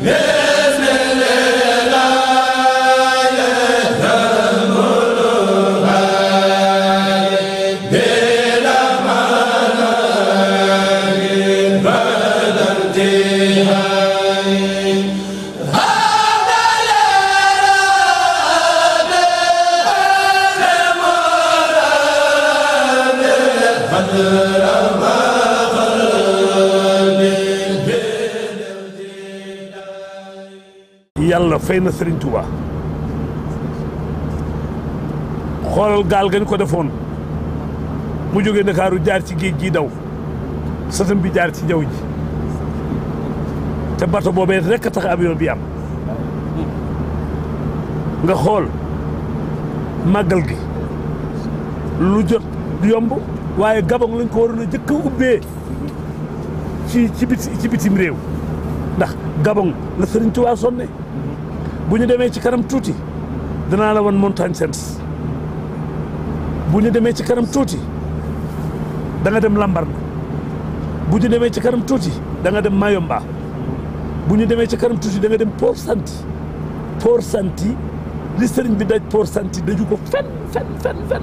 Yeah! yàlla fay na sëriñ Touba xoolal gaal gañ ko defoon mu jógee Ndakaaru jaar ci géej gi daw sëtam bi jaar ci jaw ji te bato boobee rekk a tax avion bi am nga xool màggal gi lu jot yomb waaye Gabon lañ ko waroon jëkk a ubbee ci ci bitim réew ndax Gabon la Sëriñ Tuubaa ne bu ñu demee ci kanam tuuti danaa la wan montagne sainte bu ñu demee ci kanam tuuti da dem Lambaréné bu ñu demee ci kanam tuuti danga nga dem Mayomba bu ñu demee ci kanam tuuti da nga dem Port Santi Port Santi li sëriñ bi daj poor Santi daju ko fen fen fen fen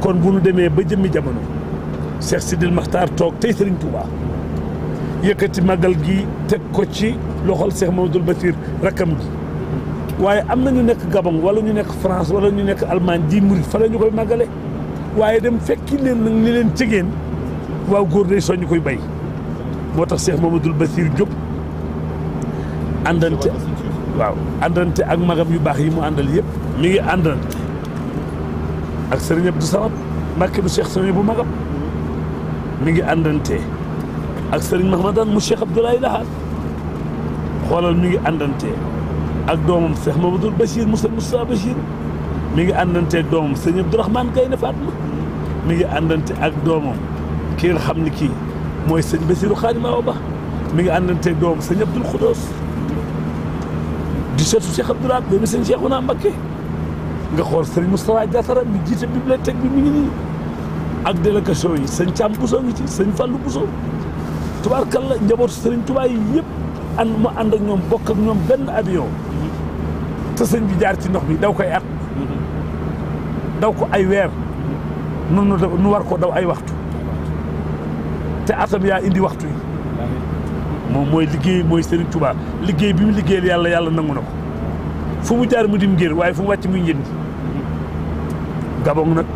kon bu ñu demee ba jëmmi jamono Cheikh Sidil Makhtar toog tey Sëriñ tuuba yëkkati magal gi teg ko ci loxol Cheikh Mamadou Bassir rakkam gi waaye am na ñu nekk Gabon wala ñu nekk France wala ñu nekk Allemagne di murit fa la ñu koy magale waaye dem fekki leen nag ni leen cegeen waaw góor day soññ koy bay moo tax Cheikh Mamadou Bassir jóg àndante waaw àndante ak magam yu baax yi mu àndal yëpp mi ngi àndante ak sëriñ Abdou Samad Mbàkke bu Cheikh sëriñ bu magam mi ngi àndante أكسرين محمد مشيخ عبد الله إلهات خالد ميجي أندنتي أكدوم سيد محمد البشير مسلم مصطفى البشير ميجي أندنتي أكدوم سيد عبد الرحمن كاين فاطمة ميجي أندنتي أكدوم كير حملكي موي سيد بشير خالد ما أبا ميجي أندنتي أكدوم سيد عبد الخدوس ديشة مشيخ عبد الله بيمي سيد شيخ ونام بكي غخور سيد مصطفى جاسر ميجي سيد بيبلتك بيميني أكدلك شوي سيد شامبوسو ميجي سيد فالو بوسو tubaarkalla njabootu sëriñ Tuubaa yi yëpp ànd mu ànd ak ñoom bokk ñoom benn avion te sëñ bi jaar ci ndox mi daw koy at daw ko ay weer noonu nu war ko daw ay waxtu te atam yaa indi waxtu yi moom mooy liggéey mooy sëriñ Tuubaa liggéey bi mu liggéeyal yàlla yàlla nangu na ko fu mu jaar mu dim waaye fu mu wàcc muy njënd Gabon nag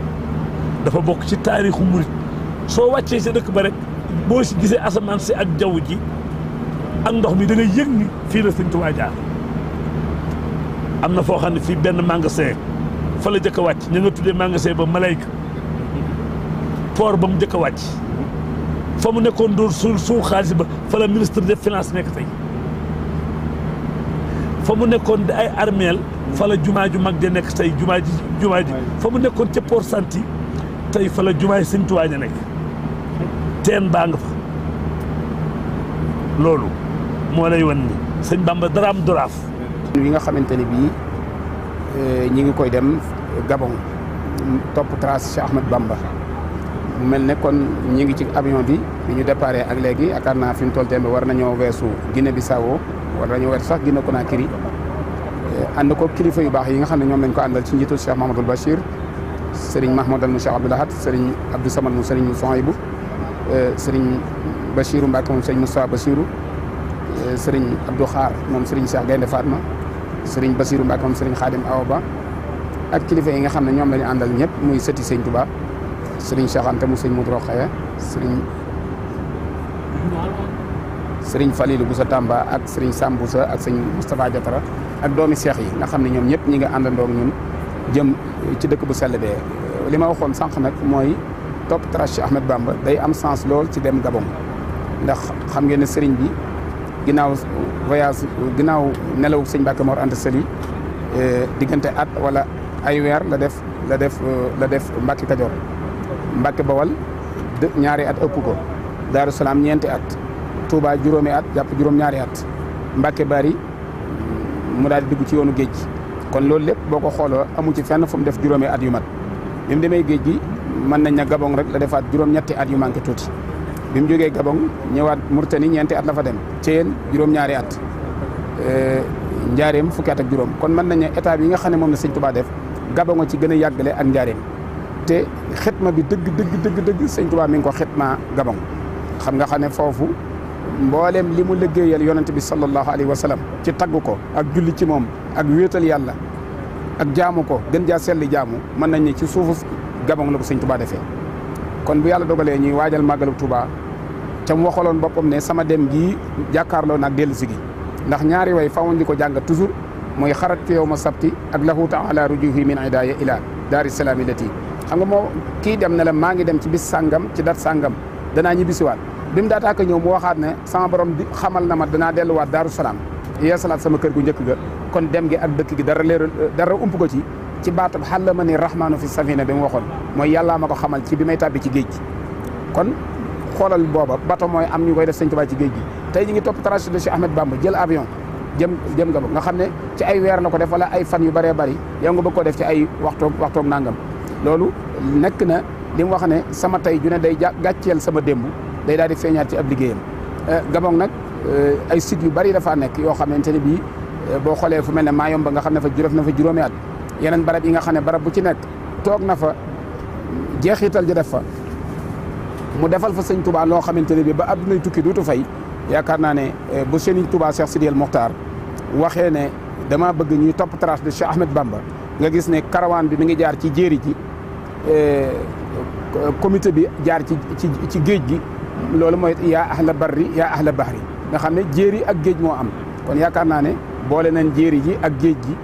dafa bokk ci taarixu murit soo wàccee sa dëkk ba rek boo si gisee asamaan si ak jaww ji ak ndox mi da nga yëg ni fii la sëñ Tuubaa jaar am na foo xam ne fii benn magasin fa la jëkk wàcc ñu nga tuddee magasin ba malayka port ba mu jëkk wàcc foo mu nekkoon dóor suul suul xaalis ba fa la ministre de finances nekk tey fa mu nekkoon di ay armeel fa la jumaa ju mag de nekk tey jumaa ji jumaa ji foo mu nekkoon ca port santi tey fa la jumaa yi sëñ ja nekk teen baa nga fa loolu moo lay wan ni sëñ Bamba daraam duraaf yi nga xamante ni bii eh, ñi ngi koy dem Gabon topp trace Cheikh Ahmed Bamba mu mel ne kon ñi ngi ci avion bi bi ñu déparé ak léegi yaakaar naa fi mu toll tembe war na nañoo weesu bi Bissau war nañoo weesu sax Guinée Conakry eh, ànd ko kilifa yu baax yi nga xam ne ñoom lañ ko àndal ci njiitu Cheikh Mahamadoul Bachir Serigne Mahmoud al mu Cheikh Abdoul Ahad Serigne Abdou Samad mu Serigne Souhaïbou Eh, sëriñ Bachirou Mbacke moom sëriñ Moustapha Bachirou eh, sëriñ Abdou Xaar moom sëriñ Cheikh Gaynde Fatma sëriñ Bachirou Mbacke moom sëriñ Khadim Awa Ba ak kilifa yi nga xam ne ñoom la àndal ñëpp muy sëti sëriñ Touba sëriñ Cheikh Anta mu sëriñ Modou Rokhaya sëriñ sëriñ Falilou Boussa Tamba ak sëriñ Sam Boussa ak sëriñ Moustapha ak doomi Cheikh yi nga xam ne ñoom ñëpp ñi nga àndandoo ak ñun jëm ci dëkk bu sell bee eh, li ma waxoon sànq nag mooy. topp trace Ahmed Bamba day am sens lool ci dem Gabon ndax xam ngeen ne sëriñ bi ginnaaw voyage ginnaaw nelaw sëñ Mbàkke Mor Anta Sali eh, diggante at walla ay weer la def la def la def Mbàkke Kajoor Mbàkke Bawal ñaari at ëpp ko Daaru Salaam ñeenti at Touba juróomi at jàpp juróom-ñaari at Mbàkke Bari mu daal di ci yoonu géej kon loolu lépp boo ko xooloo amu ci fenn fu def juróomee at yu mat bim demay geej gi man nañ na Gabon rek la defat juroom ñetti at yu manke tuti bim joge Gabon ñewat Murtani ñenti at la fa dem Thiel juroom ñaari at euh, ndiarem fukki at ak juroom kon man nañ ne état bi nga xamne mom la seigne Touba def Gabon ci gëna a ak ndiarem te xetma bi deug deug deug deug seigne Touba mi ngi ko xetma Gabon xam nga xamne fofu mbollem limu li yonnati bi sallallahu alaihi wasallam ci taggu ko ak julli ci mom ak wetal yalla ak jaamu ko gën jaa selli jaamu mën nañ ne ci suufu Gabon la ko sëñ Touba defee kon bu yàlla dogalee ñuy waajal màggalu Touba ca mu waxaloon boppam ne sama dem ji jàkkaarloo nag dellu si ndax ñaari way fawoon di ko jàng toujours mooy xarat fi ma sabti ak lahu taala rujuhi min idaya ila daari salaami lati xam nga moo kii dem ne la maa ngi dem ci bis sàngam ci dat sàngam danaa ñibbisiwaat bi mu daataa ko ñëw mu waxaat ne sama borom xamal na ma danaa delluwaat daaru salaam yeesalaat sama kër gu njëkk ga kon dem gi ak dëkk gi dara leeral dara ump ko ci ci baatab xàlla ma ni rahmaanu fi safina bi mu waxoon mooy yàllaa ma ko xamal ci bi may tàbbi ci géej gi kon xoolal booba bato mooy am ñu koy def sëñ Tuubaa ci géej gi tey ñu ngi topp trajet de Cheikh Ahmed Bamba jël avion jëm jëm nga ba nga xam ne ci ay weer la ko def wala ay fan yu bëree bari yow nga bëgg koo def ci ay waxtoog waxtoog nangam loolu nekk na li mu wax ne sama tey ju ne day gàcceel sama demb day daal di feeñaat ci ab liggéeyam eh, gabon nag ay site yu bari dafa nek yo xamanteni bi bo xolé fu mel mayom ba nga xamne fa juróom na fa juróomi at yenen barab yi nga xamne barab bu ci nek tok na fa jeexital ji def fa mu defal fa seigne Touba lo xamanteni bi ba aduna tukki dutu fay yaakaar ne bu seigne Touba Cheikh Sidiel Mokhtar waxé ne dama bëgg ñuy top trace de Cheikh Ahmed Bamba nga gis ne caravane bi mi ngi jaar ci jéeri ji comité bi jaar ci ci géej gi loolu mooy ya ahla barri ya ahla bahri nga xam ne jéeri ak géej moo am kon yaakaar naa ne boole nañ jéeri ji ak géej gi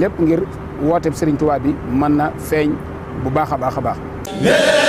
lépp ngir wooteeb Sëriñ Tuubaa bi mën na feeñ bu baax a baax a baax